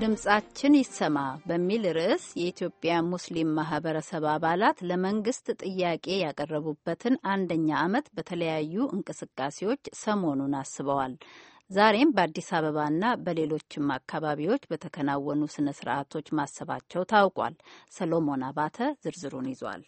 ድምጻችን ይሰማ በሚል ርዕስ የኢትዮጵያ ሙስሊም ማህበረሰብ አባላት ለመንግስት ጥያቄ ያቀረቡበትን አንደኛ ዓመት በተለያዩ እንቅስቃሴዎች ሰሞኑን አስበዋል። ዛሬም በአዲስ አበባና በሌሎችም አካባቢዎች በተከናወኑ ስነ ስርዓቶች ማሰባቸው ታውቋል። ሰሎሞን አባተ ዝርዝሩን ይዟል።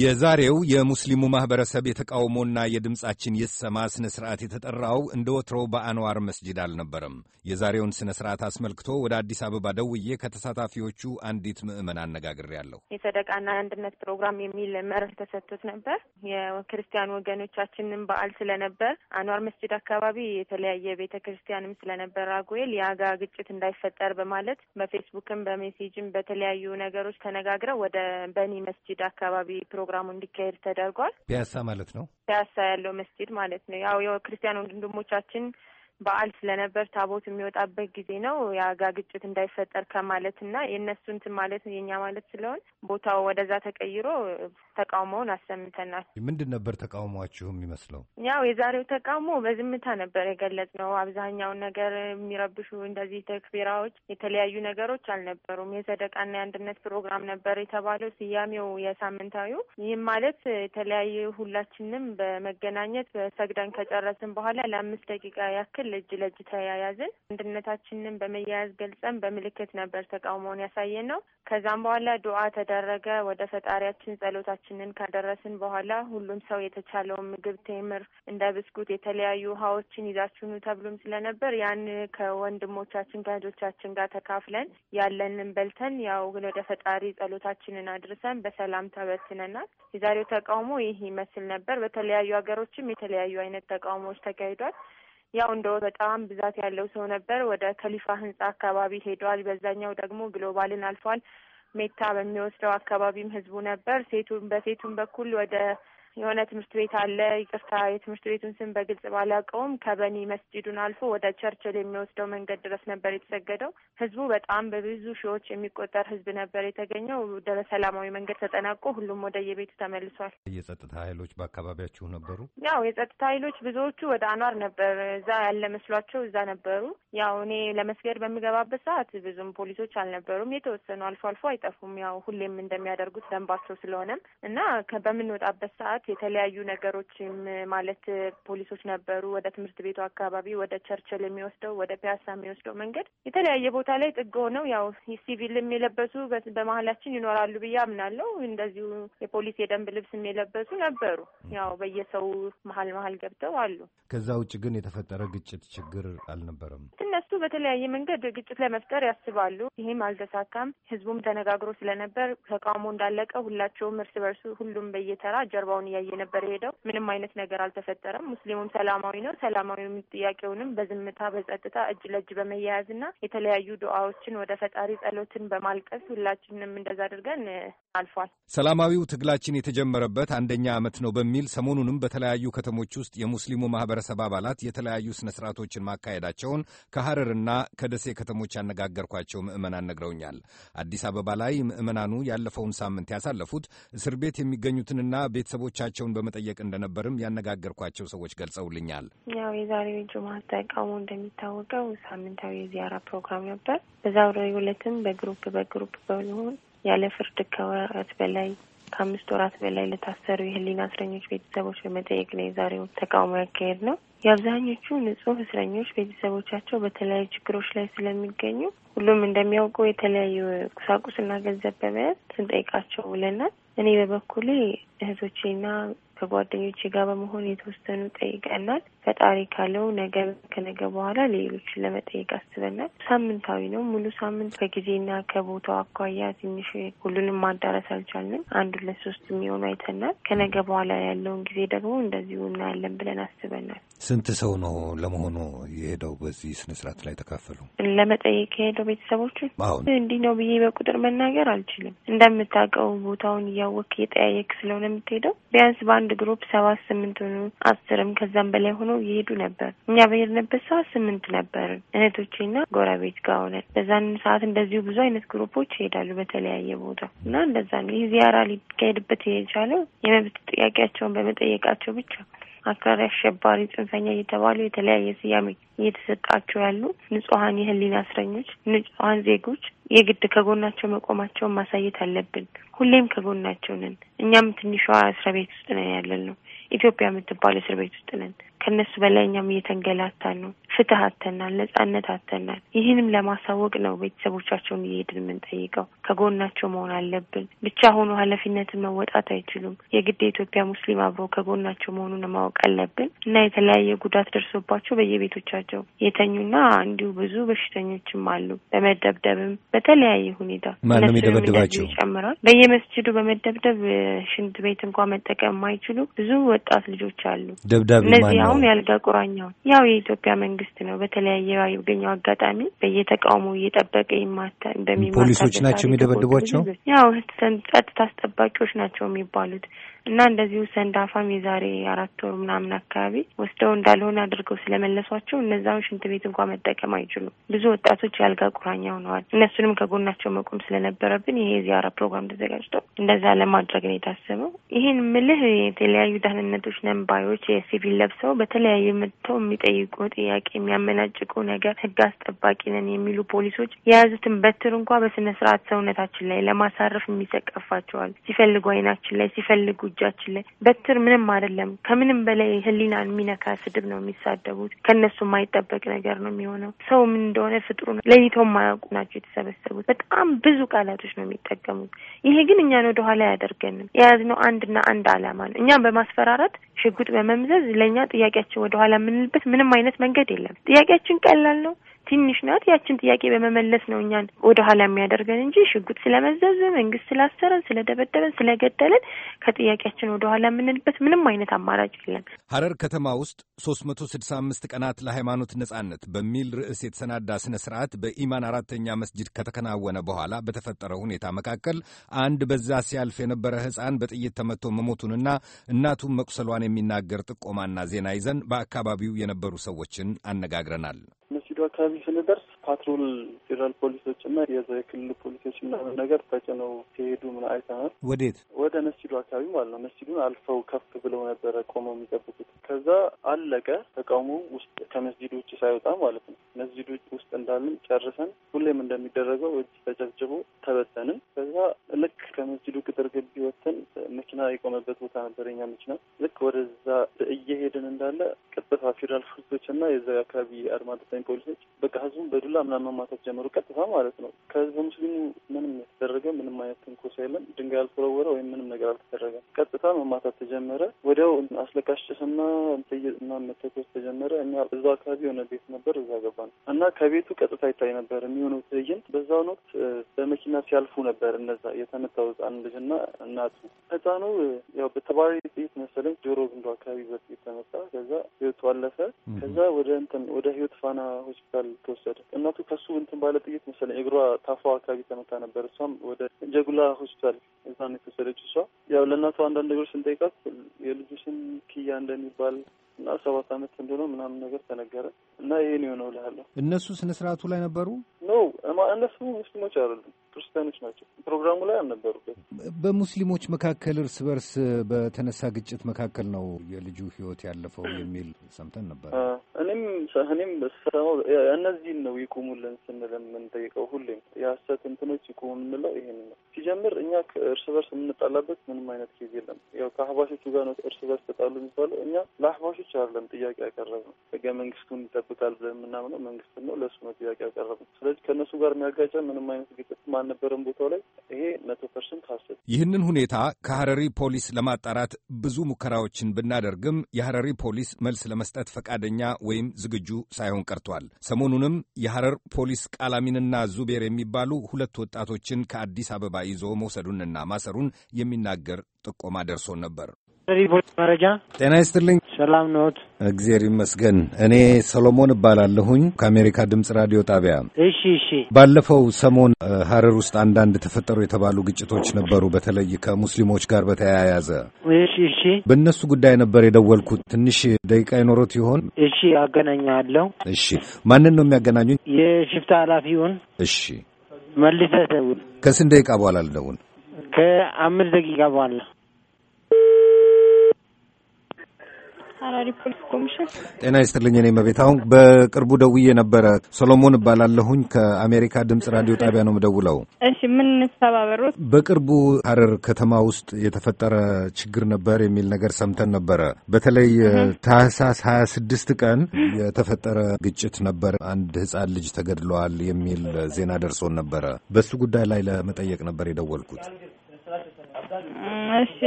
የዛሬው የሙስሊሙ ማኅበረሰብ የተቃውሞና የድምፃችን ይሰማ ሥነ ሥርዓት የተጠራው እንደ ወትሮው በአንዋር መስጂድ አልነበረም። የዛሬውን ሥነ ሥርዓት አስመልክቶ ወደ አዲስ አበባ ደውዬ ከተሳታፊዎቹ አንዲት ምዕመን አነጋግሬያለሁ። የሰደቃና አንድነት ፕሮግራም የሚል መርህ ተሰጥቶት ነበር። የክርስቲያን ወገኖቻችንም በዓል ስለነበር አንዋር መስጂድ አካባቢ የተለያየ ቤተ ክርስቲያንም ስለነበር አጉል የአጋ ግጭት እንዳይፈጠር በማለት በፌስቡክም በሜሴጅም በተለያዩ ነገሮች ተነጋግረው ወደ በኒ መስጂድ አካባቢ ፕሮግራሙ እንዲካሄድ ተደርጓል። ፒያሳ ማለት ነው። ፒያሳ ያለው መስጂድ ማለት ነው። ያው የክርስቲያን ወንድሞቻችን በዓል ስለነበር ታቦት የሚወጣበት ጊዜ ነው። የአጋ ግጭት እንዳይፈጠር ከማለት እና የእነሱ እንትን ማለት የኛ ማለት ስለሆን ቦታው ወደዛ ተቀይሮ ተቃውሞውን አሰምተናል። ምንድን ነበር ተቃውሟችሁ የሚመስለው? ያው የዛሬው ተቃውሞ በዝምታ ነበር የገለጽ ነው። አብዛኛውን ነገር የሚረብሹ እንደዚህ ተክቢራዎች፣ የተለያዩ ነገሮች አልነበሩም። የሰደቃና የአንድነት ፕሮግራም ነበር የተባለው ስያሜው የሳምንታዊ። ይህም ማለት የተለያዩ ሁላችንም በመገናኘት ሰግደን ከጨረስን በኋላ ለአምስት ደቂቃ ያክል እጅ ለእጅ ተያያዝን። አንድነታችንን በመያያዝ ገልጸን በምልክት ነበር ተቃውሞውን ያሳየን ነው። ከዛም በኋላ ዱዓ ተደረገ። ወደ ፈጣሪያችን ጸሎታችንን ካደረስን በኋላ ሁሉም ሰው የተቻለውን ምግብ፣ ቴምር፣ እንደ ብስኩት፣ የተለያዩ ውሃዎችን ይዛችሁኑ ተብሎም ስለነበር ያን ከወንድሞቻችን ከእህቶቻችን ጋር ተካፍለን ያለንን በልተን ያው ወደ ፈጣሪ ጸሎታችንን አድርሰን በሰላም ተበትነናል። የዛሬው ተቃውሞ ይህ ይመስል ነበር። በተለያዩ ሀገሮችም የተለያዩ አይነት ተቃውሞዎች ተካሂዷል። ያው እንደው በጣም ብዛት ያለው ሰው ነበር። ወደ ከሊፋ ህንጻ አካባቢ ሄደዋል። በዛኛው ደግሞ ግሎባልን አልፏል። ሜታ በሚወስደው አካባቢም ህዝቡ ነበር። ሴቱን በሴቱን በኩል ወደ የሆነ ትምህርት ቤት አለ። ይቅርታ የትምህርት ቤቱን ስም በግልጽ ባላውቀውም ከበኒ መስጂዱን አልፎ ወደ ቸርችል የሚወስደው መንገድ ድረስ ነበር የተሰገደው። ህዝቡ በጣም በብዙ ሺዎች የሚቆጠር ህዝብ ነበር የተገኘው። በሰላማዊ መንገድ ተጠናቆ ሁሉም ወደ የቤቱ ተመልሷል። የጸጥታ ኃይሎች በአካባቢያችሁ ነበሩ? ያው የጸጥታ ኃይሎች ብዙዎቹ ወደ አኗር ነበር እዛ ያለ መስሏቸው እዛ ነበሩ። ያው እኔ ለመስገድ በሚገባበት ሰዓት ብዙም ፖሊሶች አልነበሩም። የተወሰኑ አልፎ አልፎ አይጠፉም። ያው ሁሌም እንደሚያደርጉት ደንባቸው ስለሆነም እና በምንወጣበት ሰዓት ሰዓት የተለያዩ ነገሮችም ማለት ፖሊሶች ነበሩ። ወደ ትምህርት ቤቱ አካባቢ፣ ወደ ቸርችል የሚወስደው ወደ ፒያሳ የሚወስደው መንገድ የተለያየ ቦታ ላይ ጥግ ሆነው ያው ሲቪልም የለበሱ በመሀላችን ይኖራሉ ብዬ አምናለሁ። እንደዚሁ የፖሊስ የደንብ ልብስም የለበሱ ነበሩ። ያው በየሰው መሀል መሀል ገብተው አሉ። ከዛ ውጭ ግን የተፈጠረ ግጭት ችግር አልነበረም። እነሱ በተለያየ መንገድ ግጭት ለመፍጠር ያስባሉ። ይህም አልተሳካም። ህዝቡም ተነጋግሮ ስለነበር ተቃውሞ እንዳለቀ ሁላቸውም እርስ በርሱ ሁሉም በየተራ ጀርባውን እያየ ነበር የሄደው። ምንም አይነት ነገር አልተፈጠረም። ሙስሊሙም ሰላማዊ ነው። ሰላማዊ ጥያቄውንም በዝምታ በጸጥታ እጅ ለእጅ በመያያዝ እና የተለያዩ ዱዓዎችን ወደ ፈጣሪ ጸሎትን በማልቀስ ሁላችንም እንደዛ አድርገን አልፏል። ሰላማዊው ትግላችን የተጀመረበት አንደኛ ዓመት ነው በሚል ሰሞኑንም በተለያዩ ከተሞች ውስጥ የሙስሊሙ ማህበረሰብ አባላት የተለያዩ ስነ ማካሄዳቸውን ከሐረርና ከደሴ ከተሞች ያነጋገርኳቸው ምዕመናን ነግረውኛል። አዲስ አበባ ላይ ምዕመናኑ ያለፈውን ሳምንት ያሳለፉት እስር ቤት የሚገኙትንና ቤተሰቦች ቤተሰቦቻቸውን በመጠየቅ እንደነበርም ያነጋገርኳቸው ሰዎች ገልጸውልኛል። ያው የዛሬው ጁማ ተቃውሞ እንደሚታወቀው ሳምንታዊ የዚያራ ፕሮግራም ነበር። በዛው ረቡዕ ሁለትም በግሩፕ በግሩፕ በሆን ያለ ፍርድ ከወራት በላይ ከአምስት ወራት በላይ ለታሰሩ የህሊና እስረኞች ቤተሰቦች በመጠየቅ ነው የዛሬው ተቃውሞ ያካሄድ ነው። የአብዛኞቹ ንጹህ እስረኞች ቤተሰቦቻቸው በተለያዩ ችግሮች ላይ ስለሚገኙ ሁሉም እንደሚያውቀው የተለያዩ ቁሳቁስና ገንዘብ በመያዝ ስንጠይቃቸው ውለናል። እኔ በበኩሌ እህቶቼና ከጓደኞቼ ጋር በመሆን የተወሰኑ ጠይቀናል። ፈጣሪ ካለው ነገ ከነገ በኋላ ሌሎችን ለመጠየቅ አስበናል። ሳምንታዊ ነው። ሙሉ ሳምንት ከጊዜና ከቦታው አኳያ ትንሽ ሁሉንም ማዳረስ አልቻልንም። አንዱ ለሶስት የሚሆኑ አይተናል። ከነገ በኋላ ያለውን ጊዜ ደግሞ እንደዚሁ እናያለን ብለን አስበናል። ስንት ሰው ነው ለመሆኑ የሄደው? በዚህ ስነስርዓት ላይ ተካፈሉ ለመጠየቅ የሄደው ቤተሰቦቹ እንዲህ ነው ብዬ በቁጥር መናገር አልችልም። እንደምታውቀው ቦታውን እያወቅ እየጠያየቅ ስለሆነ የምትሄደው ቢያንስ በአንድ ግሩፕ ሰባት ስምንት ሆኑ አስርም ከዛም በላይ ሆኖ አብረው ይሄዱ ነበር። እኛ በሄድንበት ሰዓት ስምንት ነበርን እህቶቼና ጎረቤት ጋር ሆነን። በዛን ሰዓት እንደዚሁ ብዙ አይነት ግሩፖች ይሄዳሉ በተለያየ ቦታ እና እንደዛ ነው። ይህ ዚያራ ሊካሄድበት የቻለው የመብት ጥያቄያቸውን በመጠየቃቸው ብቻ አክራሪ፣ አሸባሪ፣ ጽንፈኛ እየተባሉ የተለያየ ስያሜ እየተሰጣቸው ያሉ ንጹሀን የህሊና እስረኞች፣ ንጹሀን ዜጎች የግድ ከጎናቸው መቆማቸውን ማሳየት አለብን። ሁሌም ከጎናቸው ነን። እኛም ትንሿ እስር ቤት ውስጥ ነን ያለን ነው። ኢትዮጵያ የምትባል እስር ቤት ውስጥ ነን። ከነሱ በላይ እኛም እየተንገላታን ነው። ፍትህ አተናል፣ ነጻነት አተናል። ይህንም ለማሳወቅ ነው ቤተሰቦቻቸውን እየሄድን የምንጠይቀው። ከጎናቸው መሆን አለብን። ብቻ ሆኖ ኃላፊነትን መወጣት አይችሉም። የግድ የኢትዮጵያ ሙስሊም አብሮ ከጎናቸው መሆኑን ማወቅ አለብን እና የተለያየ ጉዳት ደርሶባቸው በየቤቶቻቸው የተኙና እንዲሁ ብዙ በሽተኞችም አሉ። በመደብደብም በተለያየ ሁኔታ ማነው ይጨምራል። በየመስጅዱ በመደብደብ ሽንት ቤት እንኳን መጠቀም የማይችሉ ብዙ ወጣት ልጆች አሉ። ደብዳቤ ማነው ያውም ያልጋ ቁራኛው ያው የኢትዮጵያ መንግስት ነው በተለያየ ያገኘው አጋጣሚ በየተቃውሞ እየጠበቀ ይማታ በሚማ ፖሊሶች ናቸው የሚደበድቧቸው። ያው ጸጥታ አስጠባቂዎች ናቸው የሚባሉት እና እንደዚሁ ሰንዳፋም የዛሬ አራት ወር ምናምን አካባቢ ወስደው እንዳልሆነ አድርገው ስለመለሷቸው እነዛውን ሽንት ቤት እንኳ መጠቀም አይችሉም። ብዙ ወጣቶች የአልጋ ቁራኛ ሆነዋል። እነሱንም ከጎናቸው መቆም ስለነበረብን ይሄ የዚያራ ፕሮግራም ተዘጋጅቶ እንደዛ ለማድረግ ነው የታሰበው። ይህን ምልህ የተለያዩ ደህንነቶች ነንባዮች የሲቪል ለብሰው በተለያየ መጥተው የሚጠይቁ ጥያቄ የሚያመናጭቁ ነገር ህግ አስጠባቂ ነን የሚሉ ፖሊሶች የያዙትን በትር እንኳ በስነ ስርዓት ሰውነታችን ላይ ለማሳረፍ የሚሰቀፋቸዋል። ሲፈልጉ አይናችን ላይ ሲፈልጉ እጃችን ላይ በትር ምንም አይደለም። ከምንም በላይ ህሊናን የሚነካ ስድብ ነው የሚሳደቡት። ከእነሱ የማይጠበቅ ነገር ነው የሚሆነው። ሰው ምን እንደሆነ ፍጥሩ ለይተው የማያውቁ ናቸው የተሰበሰቡት። በጣም ብዙ ቃላቶች ነው የሚጠቀሙት። ይሄ ግን እኛን ወደኋላ አያደርገንም። የያዝነው አንድና አንድ አላማ ነው። እኛም በማስፈራራት ሽጉጥ በመምዘዝ ለእኛ ጥያቄያችን ወደኋላ የምንልበት ምንም አይነት መንገድ የለም። ጥያቄያችን ቀላል ነው። ትንሽ ናት። ያችን ጥያቄ በመመለስ ነው እኛን ወደ ኋላ የሚያደርገን እንጂ ሽጉጥ ስለመዘዝ፣ መንግስት ስላሰረን፣ ስለደበደበን፣ ስለገደለን ከጥያቄያችን ወደ ኋላ የምንልበት ምንም አይነት አማራጭ የለም። ሀረር ከተማ ውስጥ 365 ቀናት ለሃይማኖት ነጻነት በሚል ርዕስ የተሰናዳ ስነ ስርዓት በኢማን አራተኛ መስጅድ ከተከናወነ በኋላ በተፈጠረ ሁኔታ መካከል አንድ በዛ ሲያልፍ የነበረ ህፃን በጥይት ተመቶ መሞቱንና እናቱን መቁሰሏን የሚናገር ጥቆማና ዜና ይዘን በአካባቢው የነበሩ ሰዎችን አነጋግረናል። አካባቢ ስንደርስ ፓትሮል ፌዴራል ፖሊሶችና የዛ የክልል ፖሊሶች ምናምን ነገር ተጭነው ሲሄዱ ምን አይተናል። ወዴት ወደ መስጂዱ አካባቢ ማለት ነው። መስጂዱን አልፈው ከፍ ብለው ነበረ ቆመው የሚጠብቁት። ከዛ አለቀ ተቃውሞ ውስጥ ከመስጂዱ ውጭ ሳይወጣ ማለት ነው። መስጂዱ ውስጥ እንዳለን ጨርሰን ሁሌም እንደሚደረገው እጅ ተጨብጭቦ ተበተንን። ከዛ ልክ ከመስጂዱ ቅጥር ግቢ ወጥተን መኪና የቆመበት ቦታ ነበር የኛ መኪና። ልክ ወደዛ እየሄድን እንዳለ ቀጥታ ፌዴራል ፖሊሶች እና የዛ አካባቢ አድማ ፖሊሶች በቃ ህዝቡን በዱላ ምናምን መማታት ጀመሩ። ቀጥታ ማለት ነው። ከህዝቡ ሙስሊሙ ምንም የተደረገ ምንም አይነት ትንኮሳ የለም። ድንጋይ አልወረወረ ወይም ምንም ነገር አልተደረገም። ቀጥታ መማታት ተጀመረ። ወዲያው አስለቃሽ ጭስና ጥይትና መተኮስ ተጀመረ። እኛ እዛ አካባቢ የሆነ ቤት ነበር፣ እዛ ገባ ነው እና ከቤቱ ቀጥታ ይታይ ነበር የሚሆነው ትዕይንት። በዛውን ወቅት በመኪና ሲያልፉ ነበር እነዛ የተመታው ህፃን ልጅና እናቱ። ህፃኑ ያው በተባሪ ጥይት መሰለኝ ጆሮ ግንዱ አካባቢ በጥይት ተመታ። ከዛ ህይወቱ አለፈ። ከዛ ወደ እንትን ወደ ህይወት ፋና ሆስፒታል ተወሰደ። እናቱ ከሱ እንትን ባለ ጥይት መሰለኝ እግሯ ታፏ አካባቢ ተመታ ነበር። እሷም ወደ ጀጉላ ሆስፒታል እዛ ነው የተወሰደች እሷ ያው ለእናቷ አንዳንድ ነገሮች ስንጠይቃት የልጁ ስም ኪያ እንደሚባል እና ሰባት አመት እንደሆነ ምናምን ነገር ተነገረ እና ይሄን የሆነው ልሃለሁ። እነሱ ስነ ስርዓቱ ላይ ነበሩ? ኖ እነሱ ሙስሊሞች አይደሉም ክርስቲያኖች ናቸው። ፕሮግራሙ ላይ አልነበሩበት። በሙስሊሞች መካከል እርስ በርስ በተነሳ ግጭት መካከል ነው የልጁ ህይወት ያለፈው የሚል ሰምተን ነበር። እኔም እኔም ሰማው። እነዚህን ነው ይቁሙልን ስንል የምንጠይቀው ሁሌም የሀሰት እንትኖች ይቁሙ የምንለው ይሄን ነው። ሲጀምር እኛ እርስ በርስ የምንጣላበት ምንም አይነት ጊዜ የለም። ያው ከአህባሾቹ ጋር ነው እርስ በርስ ተጣሉ የሚባለው። እኛ ለአህባሾ ብቻ አይደለም ጥያቄ ያቀረብነው። ህገ መንግስቱን ይጠብቃል ብለን የምናምነው መንግስት ነው። ለእሱ ነው ጥያቄ ያቀረብነው። ስለዚህ ከእነሱ ጋር የሚያጋጨ ምንም አይነት ግጭት አልነበረም ቦታው ላይ። ይሄ መቶ ፐርሰንት ሀሰት። ይህንን ሁኔታ ከሀረሪ ፖሊስ ለማጣራት ብዙ ሙከራዎችን ብናደርግም የሀረሪ ፖሊስ መልስ ለመስጠት ፈቃደኛ ወይም ዝግጁ ሳይሆን ቀርቷል። ሰሞኑንም የሀረር ፖሊስ ቃላሚንና ዙቤር የሚባሉ ሁለት ወጣቶችን ከአዲስ አበባ ይዞ መውሰዱንና ማሰሩን የሚናገር ጥቆማ ደርሶን ነበር። ሪፖርት መረጃ ጤና ይስጥልኝ። ሰላም ኖት? እግዜር ይመስገን። እኔ ሰሎሞን እባላለሁኝ ከአሜሪካ ድምፅ ራዲዮ ጣቢያ። እሺ፣ እሺ። ባለፈው ሰሞን ሀረር ውስጥ አንዳንድ ተፈጠሩ የተባሉ ግጭቶች ነበሩ፣ በተለይ ከሙስሊሞች ጋር በተያያዘ። እሺ፣ እሺ። በእነሱ ጉዳይ ነበር የደወልኩት። ትንሽ ደቂቃ ይኖሮት ይሆን? እሺ፣ አገናኛለሁ። እሺ። ማንን ነው የሚያገናኙኝ? የሽፍታ ኃላፊውን። እሺ፣ መልሰህ ደውል። ከስንት ደቂቃ በኋላ ልደውል? ከአምስት ደቂቃ በኋላ ሀራሪ ፖሊስ ኮሚሽን ጤና ይስጥልኝ። እኔ መቤት አሁን በቅርቡ ደውዬ ነበረ። ሰሎሞን እባላለሁኝ ከአሜሪካ ድምፅ ራዲዮ ጣቢያ ነው የምደውለው። እሺ፣ ምን እንተባበሩት? በቅርቡ ሀረር ከተማ ውስጥ የተፈጠረ ችግር ነበር የሚል ነገር ሰምተን ነበረ። በተለይ ታህሳስ ሀያ ስድስት ቀን የተፈጠረ ግጭት ነበር። አንድ ህጻን ልጅ ተገድለዋል የሚል ዜና ደርሶን ነበረ። በሱ ጉዳይ ላይ ለመጠየቅ ነበር የደወልኩት። እሺ፣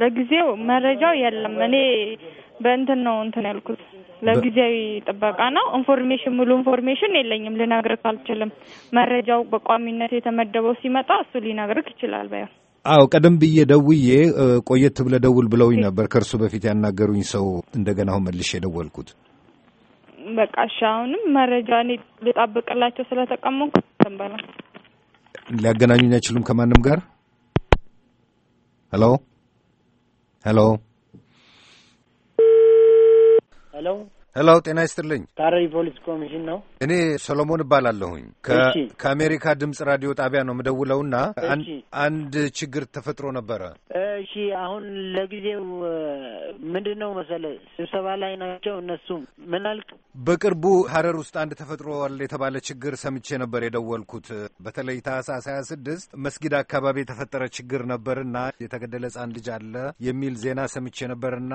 ለጊዜው መረጃው የለም እኔ በእንትን ነው እንትን ያልኩት ለጊዜያዊ ጥበቃ ነው። ኢንፎርሜሽን ሙሉ ኢንፎርሜሽን የለኝም፣ ልነግርህ አልችልም። መረጃው በቋሚነት የተመደበው ሲመጣ እሱ ሊነግርህ ይችላል። በያ አዎ፣ ቀደም ብዬ ደውዬ ቆየት ብለህ ደውል ብለውኝ ነበር። ከእርሱ በፊት ያናገሩኝ ሰው እንደገና አሁን መልሼ የደወልኩት በቃ እሺ፣ አሁንም መረጃ እኔ ልጣብቅላቸው ስለተቀመኩ ተንበላ ሊያገናኙኝ አይችሉም ከማንም ጋር። ሄሎ ሄሎ Hello? ሄሎ፣ ጤና ይስጥልኝ። ሐረሪ ፖሊስ ኮሚሽን ነው። እኔ ሰሎሞን እባላለሁኝ። ከአሜሪካ ድምፅ ራዲዮ ጣቢያ ነው የምደውለውና አንድ ችግር ተፈጥሮ ነበረ። እሺ፣ አሁን ለጊዜው ምንድን ነው መሰለ፣ ስብሰባ ላይ ናቸው እነሱም። ምን አልክ? በቅርቡ ሀረር ውስጥ አንድ ተፈጥሮዋል የተባለ ችግር ሰምቼ ነበር የደወልኩት። በተለይ ታህሳስ ሀያ ስድስት መስጊድ አካባቢ የተፈጠረ ችግር ነበርና የተገደለ ሕፃን ልጅ አለ የሚል ዜና ሰምቼ ነበርና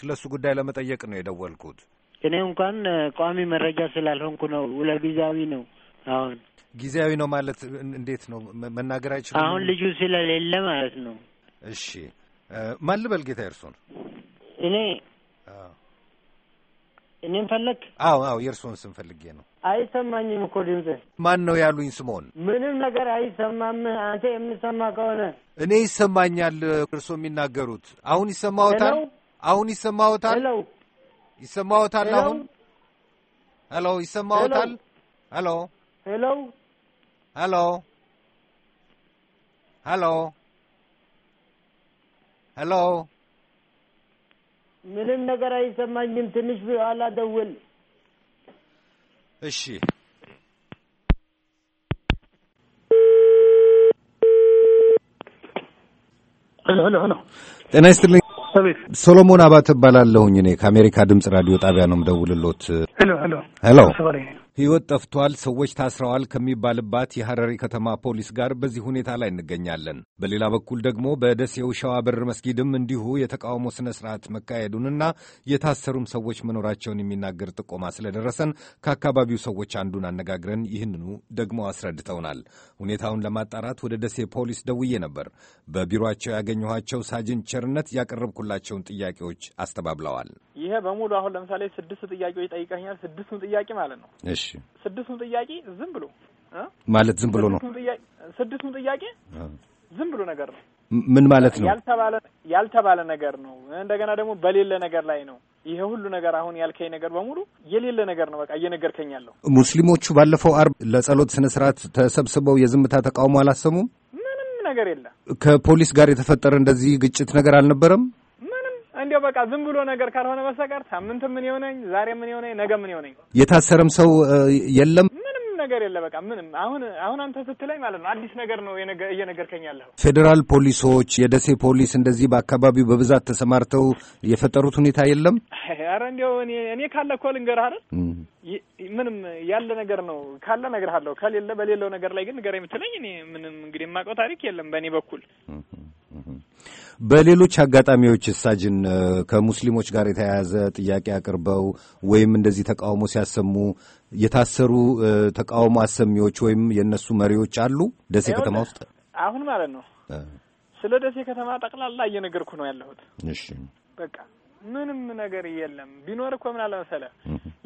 ስለሱ ጉዳይ ለመጠየቅ ነው የደወልኩት። እኔ እንኳን ቋሚ መረጃ ስላልሆንኩ ነው። ለጊዜያዊ ነው። አሁን ጊዜያዊ ነው ማለት እንዴት ነው መናገር አይችልም። አሁን ልጁ ስለሌለ ማለት ነው። እሺ ማን ልበል? ጌታ የእርሶን እኔ እኔም ፈለግ አዎ፣ አዎ የእርስዎን ስም ፈልጌ ነው። አይሰማኝም እኮ ድምፅ። ማን ነው ያሉኝ? ስምዎን? ምንም ነገር አይሰማም። አንተ የምሰማ ከሆነ እኔ ይሰማኛል። እርስዎ የሚናገሩት አሁን ይሰማዎታል? አሁን ይሰማዎታል? ይሰማዎታል? አሁን ሄሎ፣ ይሰማዎታል? ሄሎ ሄሎ ሄሎ ሄሎ ሄሎ። ምንም ነገር አይሰማኝም። ትንሽ በኋላ ደውል እሺ። ሄሎ ሄሎ ጤና ይስጥልኝ። ሶሎሞን አባት እባላለሁኝ። እኔ ከአሜሪካ ድምጽ ራዲዮ ጣቢያ ነው የምደውልሎት። ሄሎ ሄሎ ሄሎ ሕይወት ጠፍቷል፣ ሰዎች ታስረዋል ከሚባልባት የሐረሪ ከተማ ፖሊስ ጋር በዚህ ሁኔታ ላይ እንገኛለን። በሌላ በኩል ደግሞ በደሴው ሸዋ በር መስጊድም እንዲሁ የተቃውሞ ሥነ ሥርዓት መካሄዱንና የታሰሩም ሰዎች መኖራቸውን የሚናገር ጥቆማ ስለደረሰን ከአካባቢው ሰዎች አንዱን አነጋግረን ይህንኑ ደግሞ አስረድተውናል። ሁኔታውን ለማጣራት ወደ ደሴ ፖሊስ ደውዬ ነበር። በቢሮቸው ያገኘኋቸው ሳጅን ቸርነት ያቀረብኩላቸውን ጥያቄዎች አስተባብለዋል። ይሄ በሙሉ አሁን ለምሳሌ ስድስት ጥያቄዎች ጠይቀኛል። ስድስቱን ጥያቄ ማለት ነው እሺ ስድስቱን ጥያቄ ዝም ብሎ ማለት ዝም ብሎ ነው። ስድስቱን ጥያቄ ዝም ብሎ ነገር ነው። ምን ማለት ነው? ያልተባለ ያልተባለ ነገር ነው። እንደገና ደግሞ በሌለ ነገር ላይ ነው። ይሄ ሁሉ ነገር አሁን ያልከኝ ነገር በሙሉ የሌለ ነገር ነው። በቃ እየነገርከኝ ያለው ሙስሊሞቹ ባለፈው አርብ ለጸሎት ስነ ስርዓት ተሰብስበው የዝምታ ተቃውሞ አላሰሙም። ምንም ነገር የለም። ከፖሊስ ጋር የተፈጠረ እንደዚህ ግጭት ነገር አልነበረም። እንዲያው በቃ ዝም ብሎ ነገር ካልሆነ በስተቀር ሳምንት ምን ይሆነኝ፣ ዛሬ ምን ይሆነኝ፣ ነገ ምን ይሆነኝ፣ የታሰረም ሰው የለም፣ ምንም ነገር የለ። በቃ ምንም አሁን አሁን አንተ ስትለኝ ማለት ነው አዲስ ነገር ነው እየነገርከኝ ያለኸው። ፌዴራል ፖሊሶች፣ የደሴ ፖሊስ እንደዚህ በአካባቢው በብዛት ተሰማርተው የፈጠሩት ሁኔታ የለም። አረ እንዲያው እኔ ካለ እኮ ልንገርህ አይደል ምንም ያለ ነገር ነው ካለ እነግርሃለሁ። ከሌለ በሌለው ነገር ላይ ግን ንገረኝ የምትለኝ እኔ ምንም እንግዲህ የማውቀው ታሪክ የለም በእኔ በኩል በሌሎች አጋጣሚዎች ሳጅን ከሙስሊሞች ጋር የተያያዘ ጥያቄ አቅርበው ወይም እንደዚህ ተቃውሞ ሲያሰሙ የታሰሩ ተቃውሞ አሰሚዎች ወይም የእነሱ መሪዎች አሉ ደሴ ከተማ ውስጥ አሁን ማለት ነው? ስለ ደሴ ከተማ ጠቅላላ እየነገርኩ ነው ያለሁት። እሺ፣ በቃ ምንም ነገር የለም። ቢኖር እኮ ምን አለ መሰለህ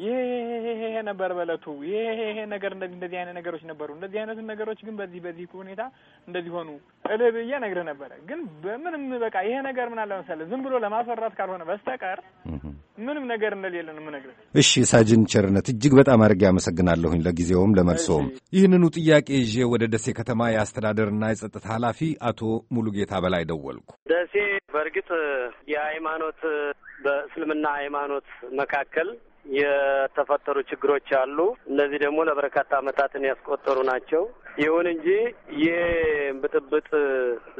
ይሄ ነበር በለቱ ይሄ ነገር እንደዚህ እንደዚህ አይነት ነገሮች ነበሩ። እንደዚህ አይነት ነገሮች ግን በዚህ በዚህ ሁኔታ እንደዚህ ሆኑ እልህ ብዬ ነግርህ ነበረ። ግን በምንም በቃ ይሄ ነገር ምን አለ መሰለህ ዝም ብሎ ለማስወራት ካልሆነ በስተቀር ምንም ነገር እንደሌለን ነው የምነግርህ። እሺ ሳጅን ቸርነት እጅግ በጣም አድርጌ አመሰግናለሁኝ ለጊዜውም ለመልሶም። ይህንኑ ጥያቄ ይዤ ወደ ደሴ ከተማ የአስተዳደርና የጸጥታ ኃላፊ አቶ ሙሉጌታ በላይ ደወልኩ። ደሴ በእርግጥ የሃይማኖት በእስልምና ሃይማኖት መካከል የተፈጠሩ ችግሮች አሉ። እነዚህ ደግሞ ለበርካታ ዓመታትን ያስቆጠሩ ናቸው። ይሁን እንጂ ይህ ብጥብጥ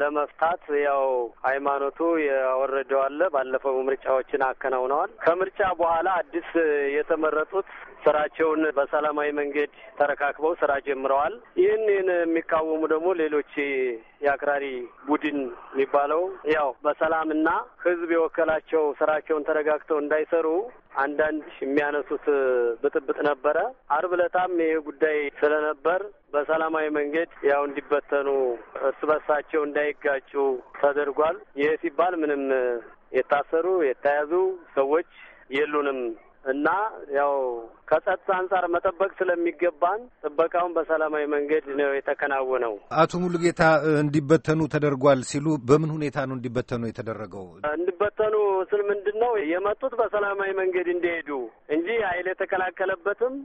ለመፍታት ያው ሃይማኖቱ ያወረደው አለ። ባለፈው ምርጫዎችን አከናውነዋል። ከምርጫ በኋላ አዲስ የተመረጡት ስራቸውን በሰላማዊ መንገድ ተረካክበው ስራ ጀምረዋል። ይህን ይህን የሚቃወሙ ደግሞ ሌሎች የአክራሪ ቡድን የሚባለው ያው በሰላምና ህዝብ የወከላቸው ስራቸውን ተረጋግተው እንዳይሰሩ አንዳንድ የሚያነሱት ብጥብጥ ነበረ። አርብ ዕለታም ይሄ ጉዳይ ስለነበር በሰላማዊ መንገድ ያው እንዲበተኑ እርስ በርሳቸው እንዳይጋጩ ተደርጓል። ይህ ሲባል ምንም የታሰሩ የተያዙ ሰዎች የሉንም እና ያው ከጸጥታ አንጻር መጠበቅ ስለሚገባን ጥበቃውን በሰላማዊ መንገድ ነው የተከናወነው። አቶ ሙሉጌታ እንዲበተኑ ተደርጓል ሲሉ በምን ሁኔታ ነው እንዲበተኑ የተደረገው? እንዲበተኑ ስል ምንድን ነው የመጡት በሰላማዊ መንገድ እንዲሄዱ እንጂ ኃይል የተከላከለበትም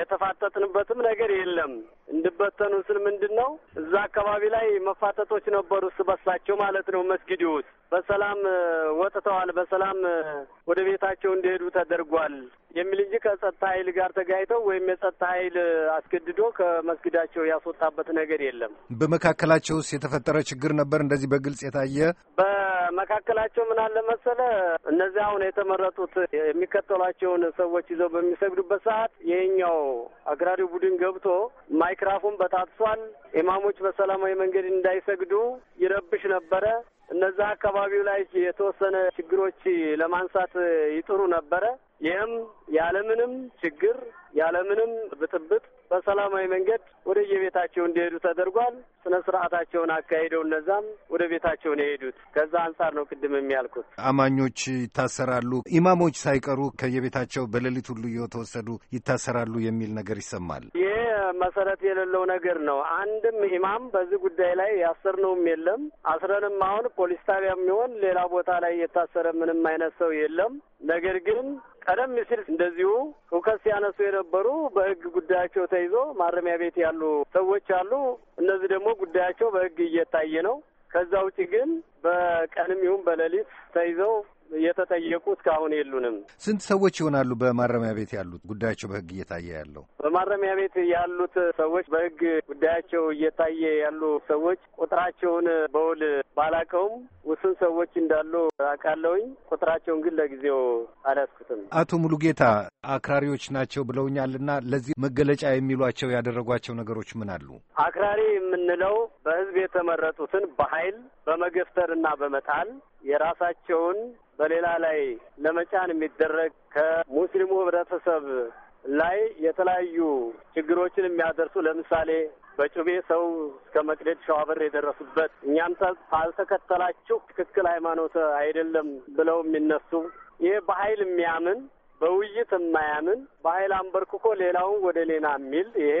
የተፋጠጥንበትም ነገር የለም። እንዲበተኑ ስል ምንድን ነው እዛ አካባቢ ላይ መፋጠጦች ነበሩ፣ ስበሳቸው ማለት ነው መስጊድ ውስጥ በሰላም ወጥተዋል። በሰላም ወደ ቤታቸው እንዲሄዱ ተደርጓል። የሚል እንጂ ከጸጥታ ኃይል ጋር ተጋይተው ወይም የጸጥታ ኃይል አስገድዶ ከመስጊዳቸው ያስወጣበት ነገር የለም። በመካከላቸውስ የተፈጠረ ችግር ነበር እንደዚህ በግልጽ የታየ? በመካከላቸው ምን አለ መሰለ እነዚህ አሁን የተመረጡት የሚከተሏቸውን ሰዎች ይዘው በሚሰግዱበት ሰዓት የኛው አግራሪው ቡድን ገብቶ ማይክራፎን በታትሷል። ኢማሞች በሰላማዊ መንገድ እንዳይሰግዱ ይረብሽ ነበረ። እነዛ አካባቢው ላይ የተወሰነ ችግሮች ለማንሳት ይጥሩ ነበረ። ይህም ያለምንም ችግር ያለምንም ብጥብጥ በሰላማዊ መንገድ ወደ የቤታቸው እንዲሄዱ ተደርጓል። ስነ ስርዓታቸውን አካሂደው እነዛም ወደ ቤታቸው ነው የሄዱት። ከዛ አንጻር ነው ቅድም የሚያልኩት አማኞች ይታሰራሉ፣ ኢማሞች ሳይቀሩ ከየቤታቸው በሌሊት ሁሉ እየተወሰዱ ይታሰራሉ የሚል ነገር ይሰማል። ይሄ መሰረት የሌለው ነገር ነው። አንድም ኢማም በዚህ ጉዳይ ላይ ያሰርነውም የለም አስረንም አሁን ፖሊስ ጣቢያ የሚሆን ሌላ ቦታ ላይ የታሰረ ምንም አይነት ሰው የለም። ነገር ግን ቀደም ሲል እንደዚሁ ሁከት ሲያነሱ የነበሩ በህግ ጉዳያቸው ተይዞ ማረሚያ ቤት ያሉ ሰዎች አሉ። እነዚህ ደግሞ ጉዳያቸው በህግ እየታየ ነው። ከዛ ውጪ ግን በቀንም ይሁን በሌሊት ተይዘው የተጠየቁ እስካሁን የሉንም። ስንት ሰዎች ይሆናሉ በማረሚያ ቤት ያሉት ጉዳያቸው በህግ እየታየ ያለው? በማረሚያ ቤት ያሉት ሰዎች በህግ ጉዳያቸው እየታየ ያሉ ሰዎች ቁጥራቸውን በውል ባላቀውም ውስን ሰዎች እንዳሉ አውቃለሁኝ። ቁጥራቸውን ግን ለጊዜው አላስኩትም። አቶ ሙሉጌታ አክራሪዎች ናቸው ብለውኛልና ለዚህ መገለጫ የሚሏቸው ያደረጓቸው ነገሮች ምን አሉ? አክራሪ የምንለው በህዝብ የተመረጡትን በኃይል በመገፍተር እና በመጣል የራሳቸውን በሌላ ላይ ለመጫን የሚደረግ ከሙስሊሙ ህብረተሰብ ላይ የተለያዩ ችግሮችን የሚያደርሱ ለምሳሌ በጩቤ ሰው እስከ መቅደድ ሸዋበር የደረሱበት እኛም ካልተከተላችሁ ትክክል ሃይማኖት አይደለም ብለው የሚነሱ ይሄ በኃይል የሚያምን በውይይት የማያምን በኃይል አንበርክኮ ሌላውን ወደ ሌና የሚል ይሄ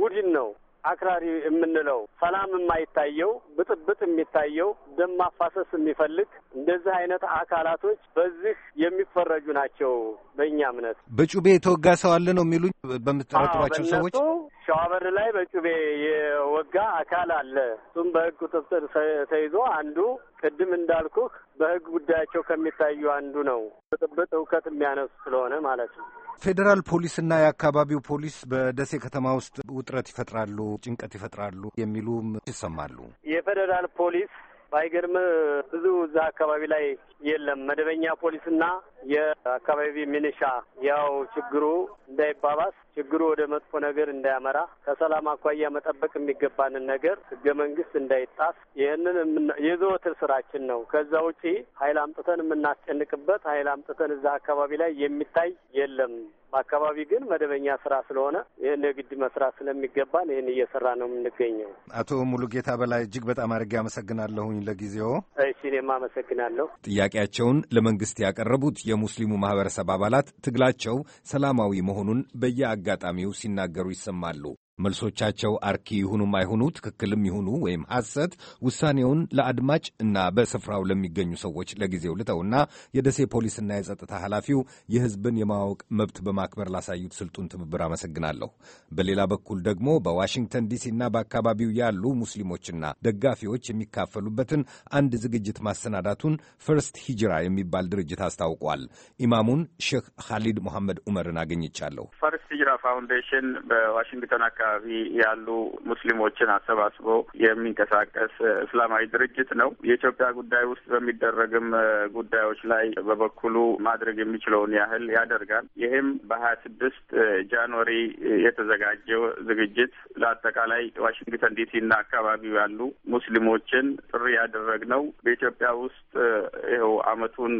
ቡድን ነው አክራሪ የምንለው። ሰላም የማይታየው ብጥብጥ የሚታየው ደም ማፋሰስ የሚፈልግ እንደዚህ አይነት አካላቶች በዚህ የሚፈረጁ ናቸው። በእኛ እምነት በጩቤ የተወጋ ሰው አለ ነው የሚሉኝ በምትጠረጥሯቸው ሰዎች ሸዋበር ላይ በጩቤ የወጋ አካል አለ። እሱም በህግ ቁጥጥር ተይዞ አንዱ ቅድም እንዳልኩህ በህግ ጉዳያቸው ከሚታዩ አንዱ ነው። ብጥብጥ እውቀት የሚያነሱ ስለሆነ ማለት ነው። ፌዴራል ፖሊስና የአካባቢው ፖሊስ በደሴ ከተማ ውስጥ ውጥረት ይፈጥራሉ፣ ጭንቀት ይፈጥራሉ የሚሉም ይሰማሉ። የፌዴራል ፖሊስ ባይገርም ብዙ እዛ አካባቢ ላይ የለም መደበኛ ፖሊስና የአካባቢ ሚኒሻ ያው ችግሩ እንዳይባባስ ችግሩ ወደ መጥፎ ነገር እንዳያመራ ከሰላም አኳያ መጠበቅ የሚገባንን ነገር ህገ መንግስት እንዳይጣስ ይህንን የዘወትር ስራችን ነው። ከዛ ውጪ ሀይል አምጥተን የምናስጨንቅበት ሀይል አምጥተን እዛ አካባቢ ላይ የሚታይ የለም። በአካባቢ ግን መደበኛ ስራ ስለሆነ ይህን የግድ መስራት ስለሚገባን ይህን እየሰራ ነው የምንገኘው። አቶ ሙሉጌታ በላይ እጅግ በጣም አድርጌ አመሰግናለሁኝ ለጊዜው። እሺ እኔም አመሰግናለሁ። ጥያቄያቸውን ለመንግስት ያቀረቡት የሙስሊሙ ማህበረሰብ አባላት ትግላቸው ሰላማዊ መሆኑን በየአ አጋጣሚው ሲናገሩ ይሰማሉ። መልሶቻቸው አርኪ ይሁኑም አይሁኑ፣ ትክክልም ይሁኑ ወይም ሐሰት፣ ውሳኔውን ለአድማጭ እና በስፍራው ለሚገኙ ሰዎች ለጊዜው ልተውና የደሴ ፖሊስና የጸጥታ ኃላፊው የሕዝብን የማወቅ መብት በማክበር ላሳዩት ስልጡን ትብብር አመሰግናለሁ። በሌላ በኩል ደግሞ በዋሽንግተን ዲሲ በአካባቢው ያሉ ሙስሊሞችና ደጋፊዎች የሚካፈሉበትን አንድ ዝግጅት ማሰናዳቱን ፈርስት ሂጅራ የሚባል ድርጅት አስታውቋል። ኢማሙን ሼክ ኻሊድ መሐመድ ዑመርን አገኝቻለሁ። ፈርስት ሂጅራ ፋውንዴሽን በዋሽንግተን አካባቢ አካባቢ ያሉ ሙስሊሞችን አሰባስቦ የሚንቀሳቀስ እስላማዊ ድርጅት ነው። የኢትዮጵያ ጉዳይ ውስጥ በሚደረግም ጉዳዮች ላይ በበኩሉ ማድረግ የሚችለውን ያህል ያደርጋል። ይህም በሀያ ስድስት ጃንዋሪ የተዘጋጀው ዝግጅት ለአጠቃላይ ዋሽንግተን ዲሲ እና አካባቢው ያሉ ሙስሊሞችን ጥሪ ያደረግ ነው። በኢትዮጵያ ውስጥ ይኸው አመቱን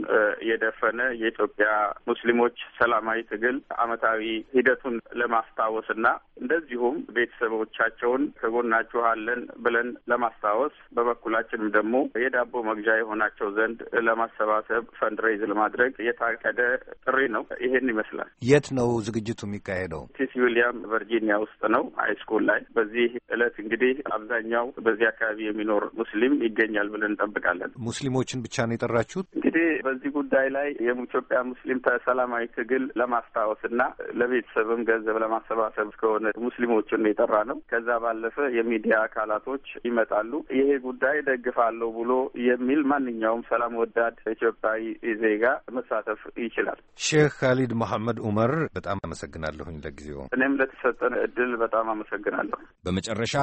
የደፈነ የኢትዮጵያ ሙስሊሞች ሰላማዊ ትግል አመታዊ ሂደቱን ለማስታወስ እና እንደዚሁም እንዲሁም ቤተሰቦቻቸውን ከጎናችሁ አለን ብለን ለማስታወስ በበኩላችንም ደግሞ የዳቦ መግዣ የሆናቸው ዘንድ ለማሰባሰብ ፈንድሬዝ ለማድረግ የታቀደ ጥሪ ነው። ይሄን ይመስላል። የት ነው ዝግጅቱ የሚካሄደው? ቲስ ዊሊያም ቨርጂኒያ ውስጥ ነው ሃይስኩል ላይ። በዚህ እለት እንግዲህ አብዛኛው በዚህ አካባቢ የሚኖር ሙስሊም ይገኛል ብለን እንጠብቃለን። ሙስሊሞችን ብቻ ነው የጠራችሁት? እንግዲህ በዚህ ጉዳይ ላይ የኢትዮጵያ ሙስሊም ሰላማዊ ትግል ለማስታወስ እና ለቤተሰብም ገንዘብ ለማሰባሰብ እስከሆነ ሙስሊሞች ሰዎችን የጠራ ነው። ከዛ ባለፈ የሚዲያ አካላቶች ይመጣሉ። ይሄ ጉዳይ ደግፋለሁ ብሎ የሚል ማንኛውም ሰላም ወዳድ ኢትዮጵያዊ ዜጋ መሳተፍ ይችላል። ሼህ ካሊድ መሐመድ ኡመር በጣም አመሰግናለሁኝ ለጊዜው። እኔም ለተሰጠን እድል በጣም አመሰግናለሁ። በመጨረሻ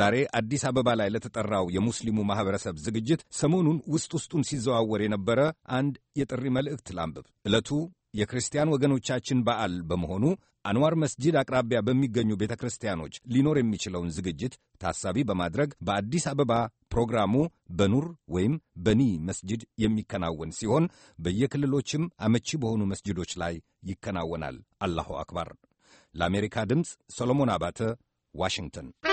ዛሬ አዲስ አበባ ላይ ለተጠራው የሙስሊሙ ማህበረሰብ ዝግጅት ሰሞኑን ውስጥ ውስጡን ሲዘዋወር የነበረ አንድ የጥሪ መልእክት ላንብብ። ዕለቱ የክርስቲያን ወገኖቻችን በዓል በመሆኑ አንዋር መስጂድ አቅራቢያ በሚገኙ ቤተ ክርስቲያኖች ሊኖር የሚችለውን ዝግጅት ታሳቢ በማድረግ በአዲስ አበባ ፕሮግራሙ በኑር ወይም በኒ መስጂድ የሚከናወን ሲሆን በየክልሎችም አመቺ በሆኑ መስጂዶች ላይ ይከናወናል። አላሁ አክባር። ለአሜሪካ ድምፅ ሰሎሞን አባተ ዋሽንግተን